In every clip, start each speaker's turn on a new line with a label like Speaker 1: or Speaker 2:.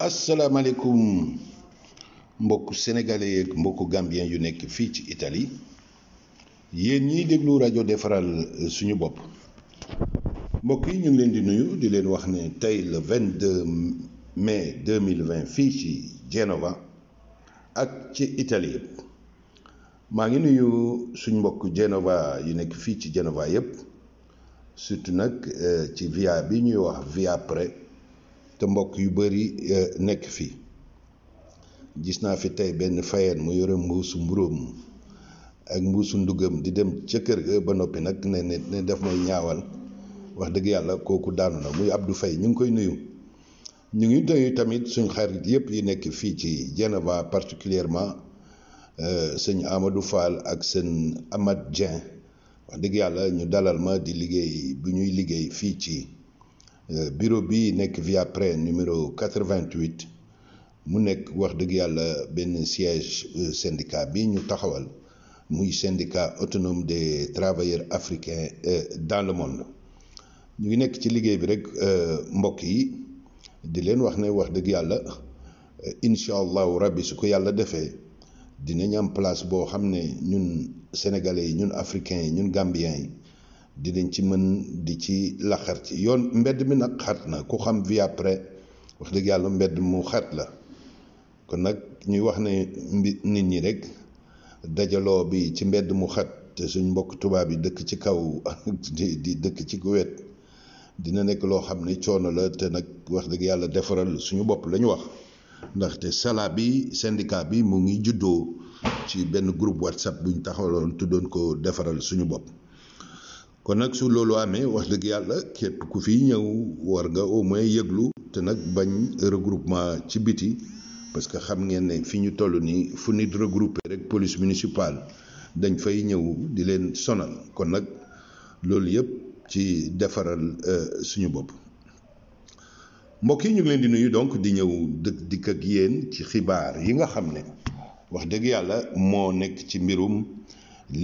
Speaker 1: assalamu alaikum mbokku sénégalais yeeg mbokku gambien yu nekk fii ci Italie yéen ñiy déglu rajo defaral suñu bopp mbokk yi ñu ngi leen di nuyu di leen wax le 22 mai 2020 fii ci Genova ak ci Italie yëpp maa ngi nuyu suñ mbokk Genova yu nekk fii ci Genova yëpp surtout nag euh, ci via bi ñuy wax via près te mbokk yu bari eh, nekk fi gis naa fi tey benn fayeen mu yore mbuusu mburóom ak mbuusu ndugam di dem ca kër ga ba noppi nag ne ne def may ñaawal wax dëgg yàlla kooku daanu na muy Abdou Faye ñu ngi koy nuyu ñu ngi nuyu tamit suñ xarit yépp yi nekk fii ci Geneva particulièrement eh, sëñ Amadou Fall ak seen Amath Dieng wax dëgg yàlla ñu dalal ma di liggéey bu ñuy liggéey fii ci Euh, bureau bi nek via numéro 88 mu nek wax deug syndicat bi ñu syndicat autonome des travailleurs africains euh, dans le monde ñu ngi nek ci liguey bi rek euh, mbokk yi di leen wax place pour les sénégalais africains gambiens dinañ ci mën di ci laxar ci yoon mbedd mi nag xat na ku xam vie après wax dëgg yàlla mbedd mu xat la kon nag ñuy wax ne nit ñi rek dajaloo bi ci mbedd mu xat te suñ mbokk tubaab yi dëkk ci kaw di dëkk ci wet dina nekk loo xam ne coono la te nag wax dëgg yàlla defaral suñu bopp la ñu wax ndaxte sala bi syndicat bi mu ngi juddoo ci benn groupe whatsapp buñ taxawaloon tuddoon ko defaral suñu bopp kon nag su loolu amee wax dëgg yàlla képp ku fi ñëw war nga au moins yëglu te nag bañ regroupement ci biti parce que xam ngeen ne fi ñu toll nii fu nit regroupé rek police municipale dañ fay ñëw di leen sonal kon nag loolu yëpp ci defaral euh, suñu bopp. mbokk yi ñu ngi leen di nuyu donc di ñëw dëkk dikk ak yéen ci xibaar yi nga xam ne wax dëgg yàlla moo nekk ci mbirum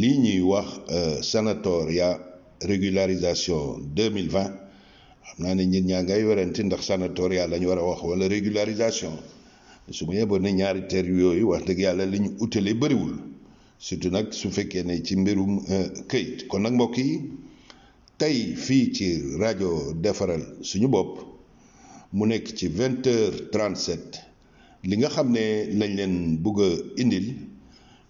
Speaker 1: lii ñuy wax euh, sanatoria régularisation 2020 xam naa ne nit ñaa ngay werante ndax yàlla lañu war a wax wala régularisation su ma yeboon ne ñaari ter yooyu wax dëgg yàlla li ñu utale bëriwul surtout nag su fekkee ne ci mbirum euh, këyit kon nag mbokk yi tey fii ci rajo defaral suñu bopp mu nekk ci vingt heures trente li nga xam ne lañ leen bëgg a indil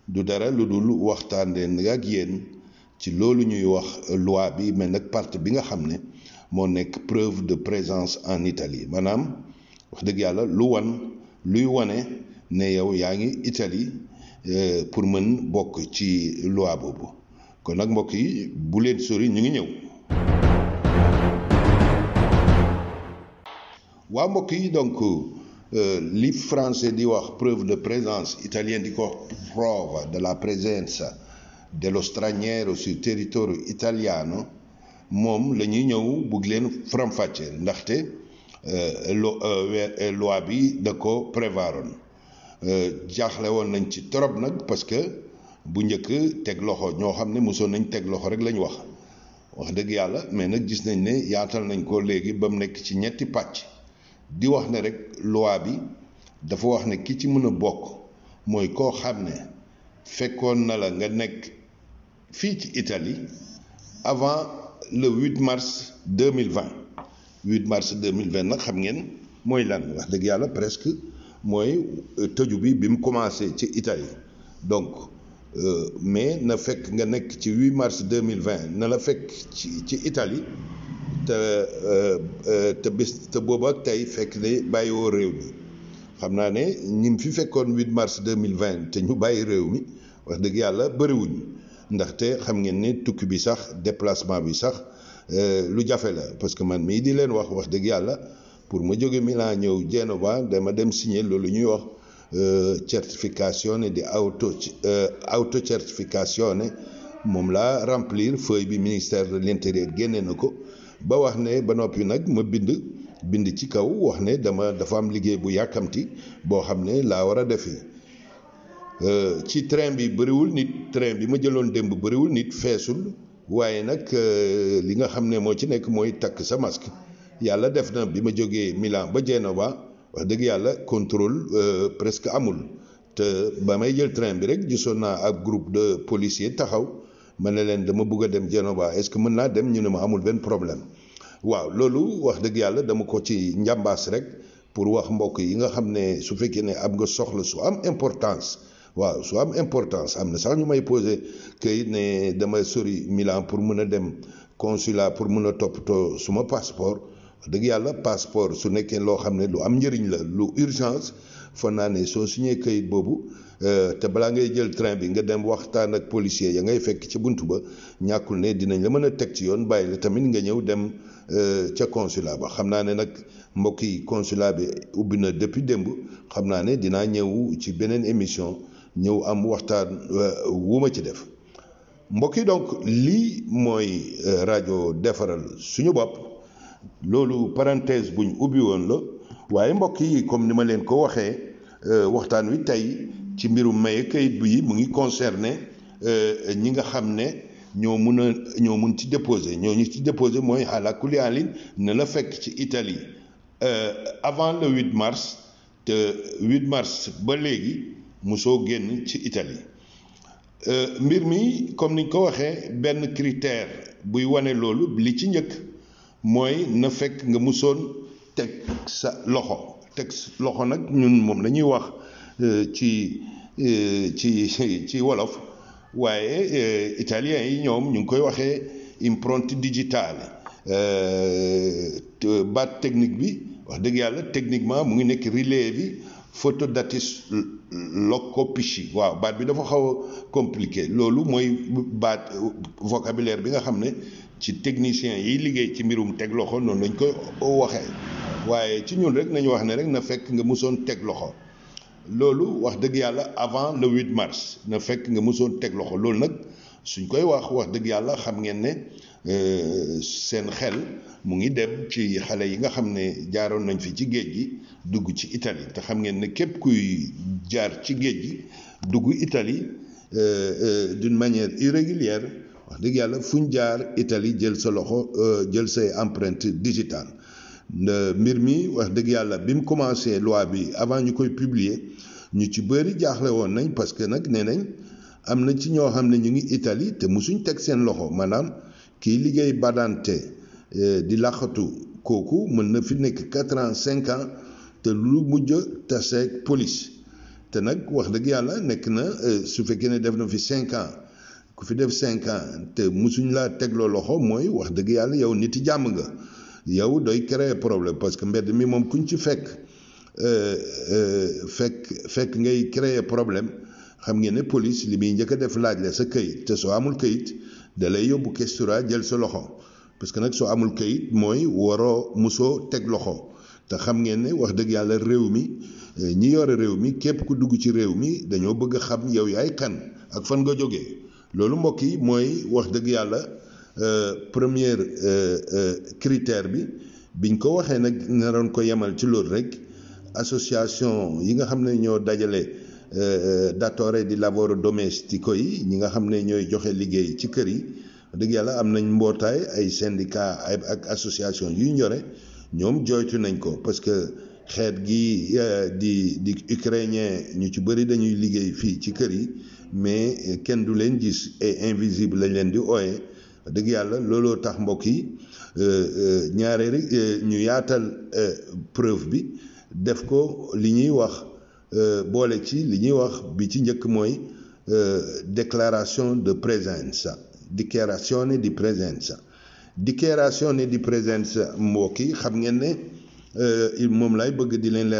Speaker 1: du dara lu dul waxtaan leen ak yéen. ci loolu ñuy wax loi bi mais nag partie bi nga xam ne moo nekk preuve de présence en Italie maanaam wax dëgg yàlla lu wan luy wane ne yow yaa ngi Italie euh, pour mën bokk ci loi boobu kon nag mbokk yi bu leen sori ñu ngi ñëw. waa mbokk yi donc euh, li français di wax preuve de présence italien di ko prova de la présence. dello straniero sul territorio italiano moom lañuy ñëw bugg leen faram-fàcceel ndaxte euh, lo euh, loi bi da ko prévaroon euh, jaaxle woon nañ ci trop nag parce que bu njëkk teg loxo ñoo xam ne mosoon nañ teg loxo rek lañ wax wax dëgg yàlla mais nag gis nañ ne yaatal nañ ko léegi ba mu nekk ci ñetti pàcc di wax ne rek loi bi dafa wax ne ki ci mën a bokk mooy koo xam ne. fekkoon na la nga nekk fii ci Italie avant le 8 mars 2020 8 mars 2020 nag xam ngeen mooy lan wax presque mooy euh, tëju bi bi commencé ci Italie donc euh, mais na fait nga nekk ci 8 mars 2020 na la fekk ci ci Italie te euh, te bés te boobu ak tey fekk ne bàyyiwoo réew mi xam naa ne fi 8 mars 2020 te ñu bàyyi réew wax dëgg yàlla bëriwuñ ndaxte xam ngeen ni tukki bi sax déplacement bi sax euh, lu jafe la parce que man mii di leen wax wax dëgg yàlla pour ma jóge Milan ñëw Genova dama dem signer loolu ñuy wax euh, certification ne di auto euh, auto certification ne moom laa remplir feuille bi ministère de l'intérieur génne na ko ba wax ne ba noppi nag ma bind bind ci kaw wax ne dama dafa am liggéey bu yàkkamti boo xam ne laa war a defee Euh, ci train bi bëriwul nit train bi ma jëloon démb bëriwul nit feesul waaye nag euh, li nga xam ne moo ci nekk mooy takk sa masque yàlla def na bi ma jógee Milan ba Genova wax dëgg yàlla contrôle euh, presque amul te ba may jël train bi rek gisoon naa ab groupe de policiers taxaw ma ne leen dama bugg a dem Genova est-ce que mën naa dem ñu ne ma amul benn problème waaw loolu wax dëgg yàlla dama ko ci njàmbaas rek pour wax mbokk yi nga xam ne su fekkee ne am nga soxla su am importance. wa, su am importance am na sax ñu may posé kayit ne dama sori Milan pour mëna dem consulat pour mëna top toppatoo suma passeport dëgg yàlla passeport su nekkee loo xam ne lu am njëriñ la lu urgence fa naa ne soo signé kayit boobu euh, te balaa ngay jël train bi nga dem waxtaan ak policier ya ngay fekk ci bunt ba ñàkkul ne dinañ la mën a teg ci yoon bàyyi la tamit nga ñëw dem euh, ca consulat ba xam naa ne nag mbokk yi consulat bi ubbi na depuis démb xam naa ne dinaa ñëw ci beneen émission. ñëw am waxtaan euh, wu ma ci def mbokk yi donc lii mooy euh, rajo defaral suñu bopp loolu parenthèse buñ ubbi woon la waaye mbokk yi comme ni ma leen ko waxee euh, waxtaan wi tey ci mbirum maye kayit bi mu ngi concerné ñi nga xam ne ñoo mun a ñoo mun ci déposé ñoo ñu ci déposé mooy ala kulli alin ne la fekk ci Italie avant le 8 mars te 8 mars ba léegi. mosoo génn ci Italie euh, mbir mi comme niñ ko waxee benn critère buy wane loolu li ci njëkk mooy na fekk nga musoon teg sa loxo teg loxo nag ñun moom la ñuy wax euh, ci euh, ci ci wolof waaye italien yi ñoom ñu ngi koy waxee impronte digitale baat technique bi wax dëgg yàlla techniquement mu ngi nekk relais bi photo datis locopichy waaw baat bi dafa xaw compliqué loolu vocabulaire bi nga ne ci technicien yi liggéey ci mbirum teg loxo noonu lañ ko waxee waaye ci ñun rek nañ wax ne rek na fekk nga loxo wax avant le 8 mars na fekk nga teg loxo loolu nag suñ koy wax wax dëgg yàlla Euh, seen xel mu ngi dem ci xale yi nga xam ne jaaroon nañ fi ci géej gi dugg ci Italie te xam ngeen ne képp kuy jaar ci géej gi dugg Italie euh, euh, d'une manière irrégulière wax dëgg yàlla fu ñu jaar Italie jël sa loxo jël say empreinte digitale mbir mi wax dëgg yàlla bi mu commencé loi bi avant ñu koy publier ñu ci bëri jaaxle woon nañ parce que nag nee nañ am na ci ñoo xam ne ñu ngi itali te musuñ teg seen loxo maanaam. kii liggéey badante eh, di làqatu kooku mën na fi nekk quatre ans cinq ans te lu mujj taseeg police te nag wax dëgg yàlla nekk na eh, su fekkee ne def na fi cinq ans ku fi def cinq ans te musuñ laa tegloo loxo mooy wax dëgg yàlla yow nit jàmm nga yow doy créer problème parce que mbedd mi moom kuñ ci fekk eh, fekk fekk ngay créer problème xam ngeen ne police li muy njëkk a def laaj la sa këyit te soo amul këyit da yóbbu kesturaa jël sa loxo parce que nag soo amul kayit mooy waroo musoo teg loxo te xam ngeen ne wax dëgg yàlla réew mi eh, ñi yore réew mi képp ku dugg ci réew mi dañoo bëgg xam yow yaay kan ak fan nga jóge loolu mbokk yi mooy wax dëgg yàlla eh, première eh, critère bi biñ ko waxee nag naroon ko yemal ci loolu rek association yi nga xam ne ñoo dajale. Euh, euh, datore di lavoro domestico yi ñi nga xam ne ñooy joxe liggéey ci kër yi dëgg yàlla am nañ mbootaay ay syndicat ak association yuy njore ñoom jooytu nañ ko parce que xeet gi euh, di di ukrainien ñu ci bëri dañuy liggéey fii ci kër yi mais kenn du leen gis et invisible lañ leen di ooye dëgg yàlla looloo tax mbokk yi ñaare rek ñu yaatal preuve bi def ko li ñuy wax Euh, boole ci li ñuy wax bi ci njëkk euh, déclaration de présence déclaration di presenza dichiarazione di presenza mbokk yi xam ngeen ne euh, moom lay bëgg di leen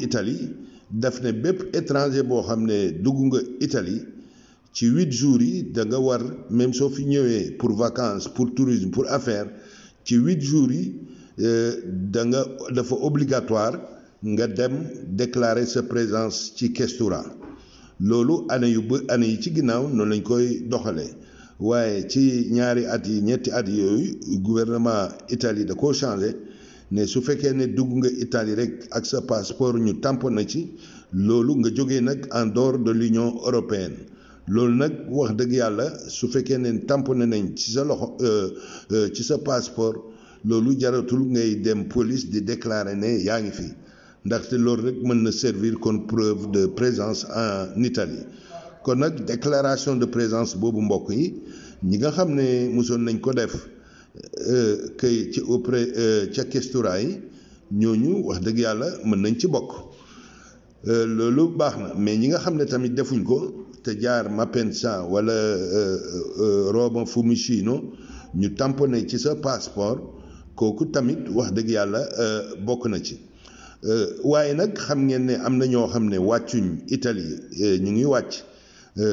Speaker 1: Italie daf étranger boo xam Italie ci 8 jours yi da nga war même soo fi pour vacances pour tourisme pour affaire ci 8 jours yi. Euh, da nga dafa obligatoire nga dem déclarer sa présence ci questura lolu année yu ba ci ginnaaw non lañ koy doxalee waye ci ñaari at yi ñetti at yooyu gouvernement Italie da ko changé ne su fekkee ne dugg nga Italie rek ak sa passeport ñu tamponné na ci lolu nga joggé nak en dehors de l'Union européenne lolu nak wax dëgg Yalla su fekkee ne tamponné nañ ci sa loxo euh, euh, ci sa passeport loolu jaratul ngay dem police di déclarer ne yaa ngi fi ndaxte loolu rek mën na servir kon preuve de présence en Italie kon nag déclaration de présence boobu mbokk yi ñi nga xam ne mosoon nañ ko def euh, kay ci auprès euh, ca questura yi ñooñu wax dëgg yàlla mën nañ ci bokk euh, loolu baax na mais ñi nga xam ne tamit defuñ ko te jaar Mapensa wala Fumichino ñu tamponné ci sa passeport kooku tamit wax dëgg yàlla euh, bokk na ci euh, waaye nag xam ngeen ne am na ñoo xam ne wàccuñ Italie euh, ñu ngi wàcc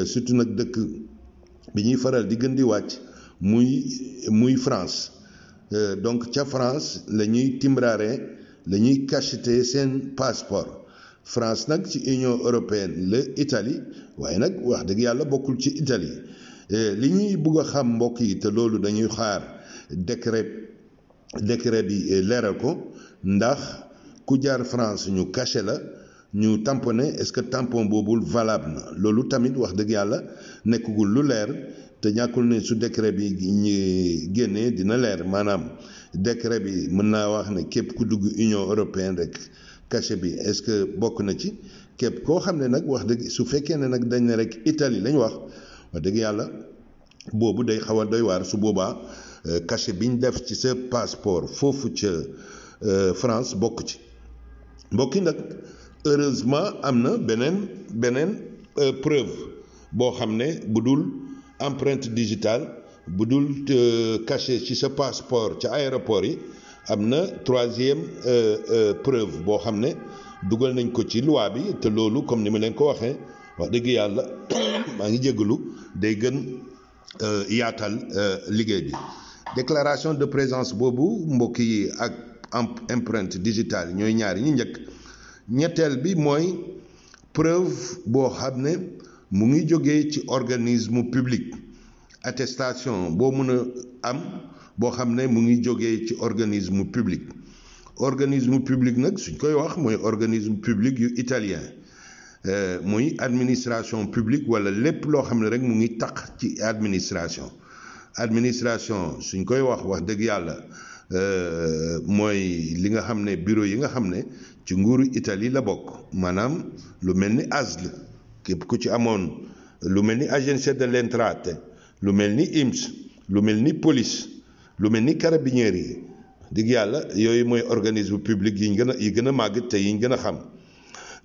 Speaker 1: surtout nag dëkk bi ñuy faral di gën di wàcc muy muy France donc ca France la ñuy timbraare la ñuy seen passeport France nag ci Union européenne la Italie waaye nag wax dëgg yàlla bokkul ci Italie li ñuy bugg a xam mbokk yi te loolu dañuy xaar décret. décret bi leeral ko ndax ku jaar France ñu caché la ñu tamponné est-ce que tampon boobul valab na loolu tamit wax dëgg yàlla nekkagul lu leer te ñàkkul ne su décret bi ñu génnee dina leer maanaam décret bi mën naa wax ne képp ku dugg Union européenne rek cachet bi est-ce que bokk na ci képp koo xam ne nag wax dëgg su fekkee ne nag dañ ne rek Italie lañ wax wax dëgg yàlla boobu day xaw day waar su boobaa. Euh, cachet bi ñu def ci sa passeport foofu ca euh, France bokk ci mbokk yi nag heureusement am na beneen beneen euh, preuve boo xam ne bu dul empreinte digitale bu dul cachet ci sa passeport ca aéroport yi am na troisième preuve boo xam ne dugal nañ ko ci loi bi te loolu comme ni ma leen ko waxee wax dëgg yàlla maa ngi jégalu day gën yaatal liggéey bi déclaration de présence Bobu, mbokki ak empreinte digitale ñi preuve bo organisme public attestation bo am organisme public organisme public nak suñ organisme public italien euh, Moy administration publique wala lépp administration administration suñ koy wax wax dëgg yàlla euh, mooy li nga xam ne bureau yi nga xam ne ci nguuru Italie la bokk maanaam lu mel ni ASL képp ku ci amoon lu mel ni de l'intrate lu mel ni IMS lu mel ni police lu mel ni carabinieri yi dëgg yàlla yooyu mooy organisme public yi gën a yi gën a màgg te yiñ gën a xam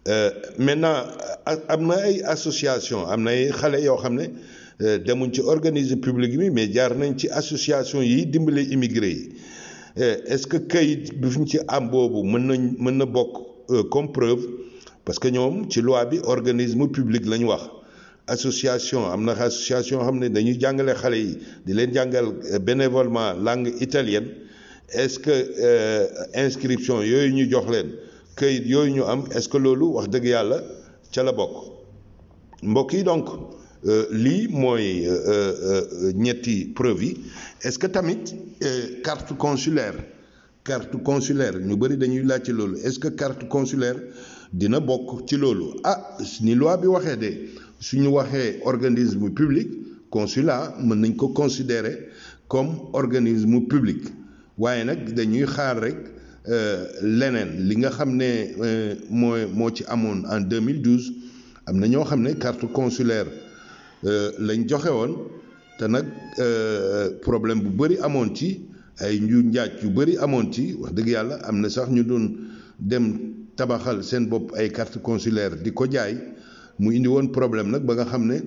Speaker 1: euh, maintenant am na ay association am na ay xale yoo xam ne euh, demuñ ci organisme public bi mais jaar nañ ci association yi dimbali immigré yi euh, est-ce que kayit bi fi ci am boobu mën nañ mën na bokk euh, comme preuve parce que ñoom ci loi bi organisme public lañ wax association am na association xam ne dañuy jàngale xale yi di leen jàngal bénévolement langue italienne est-ce que inscription yooyu ñu jox leen kayit yooyu ñu am est-ce que loolu wax dëgg yàlla ca la bokk mbokk yi donc euh, li moy euh, euh, ñetti preuve est-ce que tamit carte consulaire carte consulaire ñu bari dañuy lacc lolu est-ce que carte consulaire dina bok ci lolu ah ni loi bi waxé dé suñu waxé organisme public consulat mën nañ ko considérer comme organisme public waaye nak dañuy xaar rek lenen li nga xamné ne mooy ci amoon en 2012 amna ño xamné carte consulaire Euh, lañ joxe woon te nag euh, problème bu bëri amoon ci ay nju njaaj yu bëri amoon ci wax dëgg yàlla am na sax ñu doon dem tabaxal seen bopp ay carte consulaire di ko jaay mu indi woon problème nag ba nga xam ne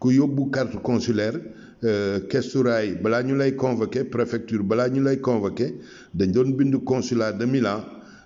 Speaker 1: ku yóbbu carte consulaire euh, kesturaay balaa ñu lay convoqué préfecture balaa ñu lay convoqué dañ doon bind consulat de Milan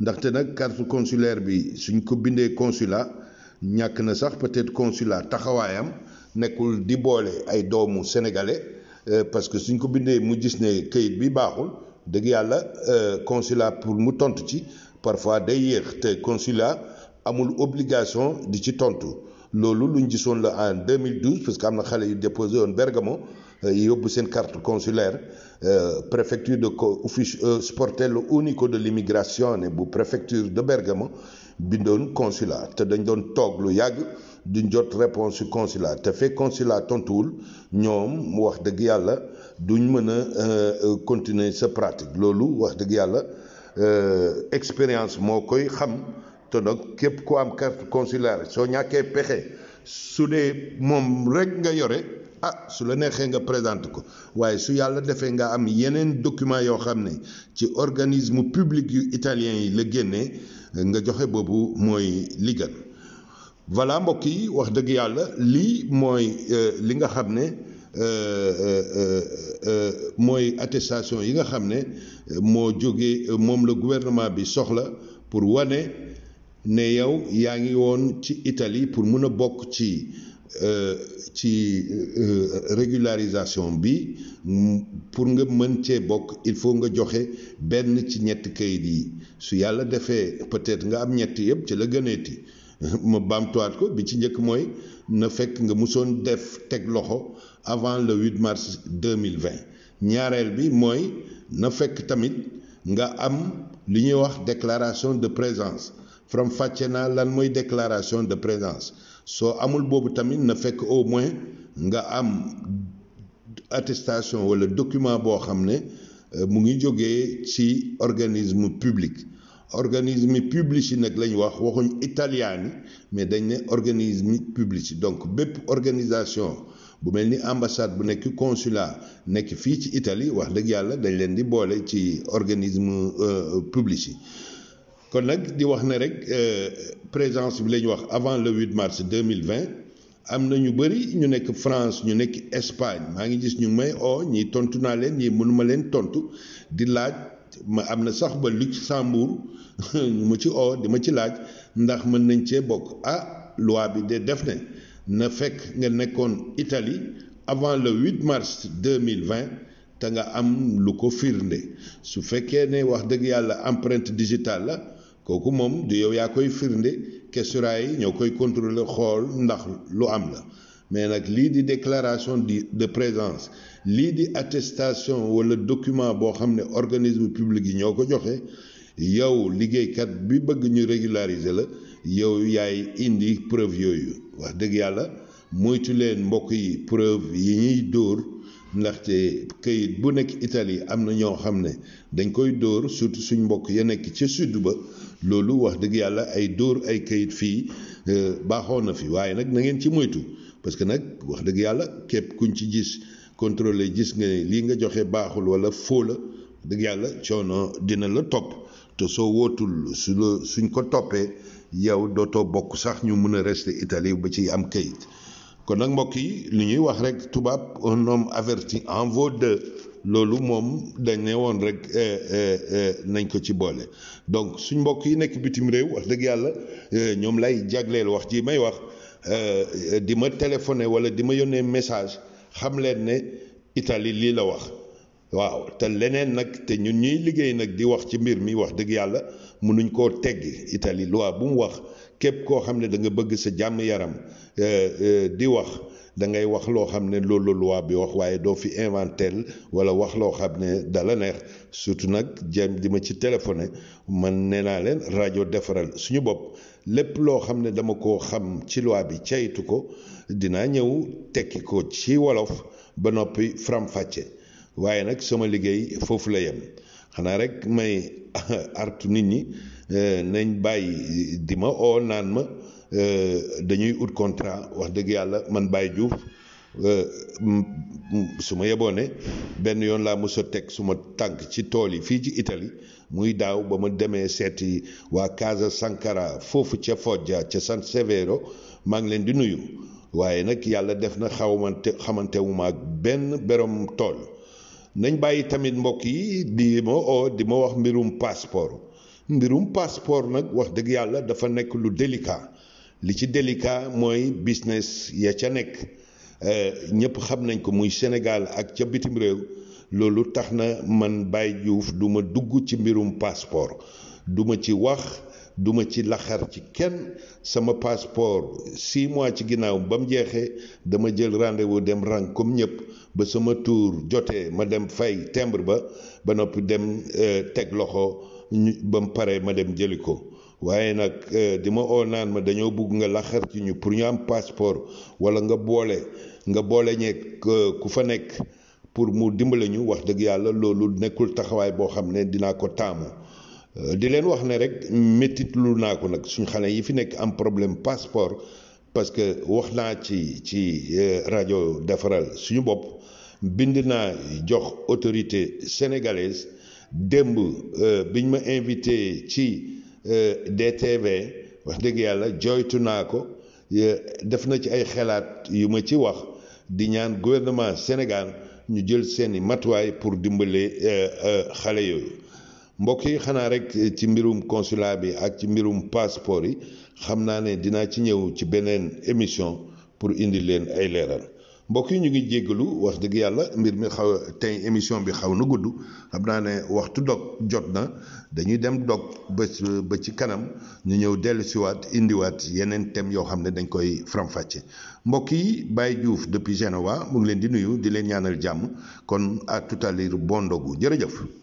Speaker 1: ndaxte nag carte consulaire bi suñ ko bindee consulat ñàkk na sax peut-être consulat taxawaayam nekkul di boole ay doomu sénégalais euh, parce que suñ ko bindee mu gis ne këyit bi baaxul dëgg yàlla euh, consulat pour mu tontu ci parfois day yéex te consulat amul obligation di ci tontu loolu luñ gisoon la en 2012 parce que am na xale yu déposé woon Bergamo euh, yóbbu seen carte consulaire euh, préfecture de office euh, sportello unico de l'immigrazione bu préfecture de Bergamo bindoon consulat te dañ doon toog lu yàgg duñ jot réponse yu consulat te fekk consulat tontuwul ñoom wax dëgg yàlla duñ mën a continuer sa pratique loolu wax dëgg yàlla expérience moo koy xam te nag képp ku am carte consulaire soo ñàkkee pexe su dee moom rek nga yore. ah su la neexee nga présente ko waaye su yàlla defee nga am yeneen document yoo xam ne ci organisme public yu italien yi la génnee nga joxe boobu mooy li gën mbokk yi wax dëgg yàlla lii mooy euh, li nga xam ne euh, euh, mooy attestation yi nga xam ne moo jóge moom la gouvernement bi soxla pour wane ne yow yaa ngi woon ci itali pour mun a bokk ci Euh, ci euh, euh, régularisation bi pour nga mën cee bokk il faut nga joxe benn ci ñett kayit yi su yàlla defee peut-être nga am ñett yëpp ci la gëneeti ma baamtuwaat ko bi ci njëkk mooy na fekk nga musoon def teg loxo avant le 8 mars 2020 ñaareel bi mooy na fekk tamit nga am li ñuy wax déclaration de présence from fàcce lan mooy déclaration de présence soo amul boobu tamit na fekk au moins nga am attestation walla document boo xam ne euh, mu ngi jógee ci organisme public organisme yi nag lañ wax waxuñ italiani mais dañ ne organisme publici donc bépp organisation bu mel ni ambassade bu nekk consulat nekk fii ci Italie wax dëgg yàlla dañ leen di boole ci organisme euh, publici kon nag di wax ne rek euh, présence bi la wax avant le 8 mars 2020 am na ñu bëri ñu nekk France ñu nekk Espagne maa ngi gis ñu may oo ñii tontu naa leen ñii mënuma leen tontu di laaj ma am na sax ba Luxembourg ñu ma ci oo di ma ci laaj ndax mën nañ cee bokk ah loi bi de def ne na fekk nga nekkoon Italie avant le 8 mars 2020 te nga am lu ko firnde su fekkee ne wax dëgg yàlla empreinte digitale la kooku mom du yow yaa koy firnde questura yi ñoo koy contrôler xool ndax lu am la mais nak li di déclaration di de présence li di attestation wala document bo xamné organisme public yi ñoko joxé yow yow kat bi bëgg ñu régulariser la yow yaay indi preuve yooyu wax dëgg yàlla moytu leen mbokk yi preuve yi ñuy dóor ndaxte këyit bu nekk Italie am na ñoo xam ne dañ koy dóor surtout suñ mbokk ya nekk ca sud ba loolu wax dëgg yàlla ay dóor ay kayit fii euh, baaxoon na fi waaye nag na ngeen ci moytu parce que nag wax dëgg yàlla képp ku kuñ ci gis contrôlé gis nga ne lii nga joxe baaxul wala foo la dëgg yàlla coono dina la topp te soo wootul su la suñ ko toppee yow dootoo bokk sax ñu mën a rester Italie ba ci am kayit. kon nag mbokk yi lu ñuy wax rek tubaab un homme averti en vaut deux loolu moom dañ ne woon rek eh, eh, eh, nañ ko ci boole donc suñ mbokk yi nekk bitim réew wax dëgg yàlla ñoom lay jagleel wax ji may wax di ma téléphoné wala di ma yónnee message xam leen ne itali lii la wax waaw te leneen nag te ñun ñuy liggéey nag di wax ci mbir mi wax dëgg yàlla. mënuñ koo teggi itali loi bu mu wax képp koo xam ne da nga bëgg sa jàmm yaram euh, euh, di wax da ngay wax loo xam ne loolu loi bi wax waaye doo fi inventel wala wax loo xam ne dala neex surtout nag jëm di ma ci téléphoné man nee naa leen rajo defaral suñu bopp lépp loo xam ne dama ko xam ci loi bi ceytu ko dinaa ñëw tekki ko ci wolof ba noppi faram waaye nag sama liggéey foofu la yem. xanaa rek may artu nit ñi euh, nañ bàyyi di ma oo naan ma euh, dañuy ut contrat wax dëgg yàlla man Baye Diouf euh, su ma yeboo benn yoon laa mos teg suma tànk ci tool yi fii ci itali muy daaw ba ma demee seeti waa Casa Sankara foofu ca Foggia ca San Severo maa ngi leen di nuyu waaye nag yàlla def na xawmante xamante wu ak benn berom tool nañ bàyyi tamit mbokk yi di ma oo di ma wax mbirum passeport mbirum passeport nag wax dëgg yàlla dafa nekk lu délicat li ci délicat mooy business ya ca nekk eh, ñëpp xam nañ ko muy Sénégal ak ca bitim réew loolu tax na man bàyyi Diouf du ma dugg ci mbirum passeport du ci wax duma ci laxar ci kenn sama passeport six mois ci ginnaaw ba mu jeexee dama jël rendez-vous dem rang comme ñëpp ba sama tour jotee ma dem fay tembre ba ba noppi dem euh, teg loxo ñu ba mu paree ma dem jëli ko waaye nag euh, di ma oo naan ma dañoo bugg nga laxar ci ñu pour ñu am passeport wala nga boole nga boole ñeeg euh, ku fa nekk pour mu dimbale ñu wax dëgg yàlla loolu nekkul taxawaay boo xam ne dinaa ko taamu. Euh, di leen wax ne rek métit naa ko nag suñ xale yi fi nekk am problème passeport parce que wax naa ci ci euh, rajo defaral suñu bopp bind naa jox autorité sénégalaise démb euh, biñ ma invité ci DTV wax dëgg yàlla joytu naa ko def na ci ay xalaat yu ma ci wax di ñaan gouvernement Sénégal ñu jël seeni matuwaay pour dimbale xale yooyu mbokk yi xanaa rek ci mbirum consulat bi ak ci mbirum passeport yi xam naa ne dinaa ci ñëw ci beneen émission pour indi leen ay leeral mbokk yi ñu ngi jéggalu wax dëgg yàlla mbir mi xaw tey émission bi xaw na gudd xam naa ne waxtu dog jot na dañuy dem dog ba ba ci kanam ñu ñëw dellusiwaat indiwaat yeneen thèmes yoo xam ne dañ koy faram-fàcce mbokk yi bàyyi Diouf depuis Genova mu ngi leen di nuyu di leen ñaanal jàmm kon à tout bon ndogu jërëjëf.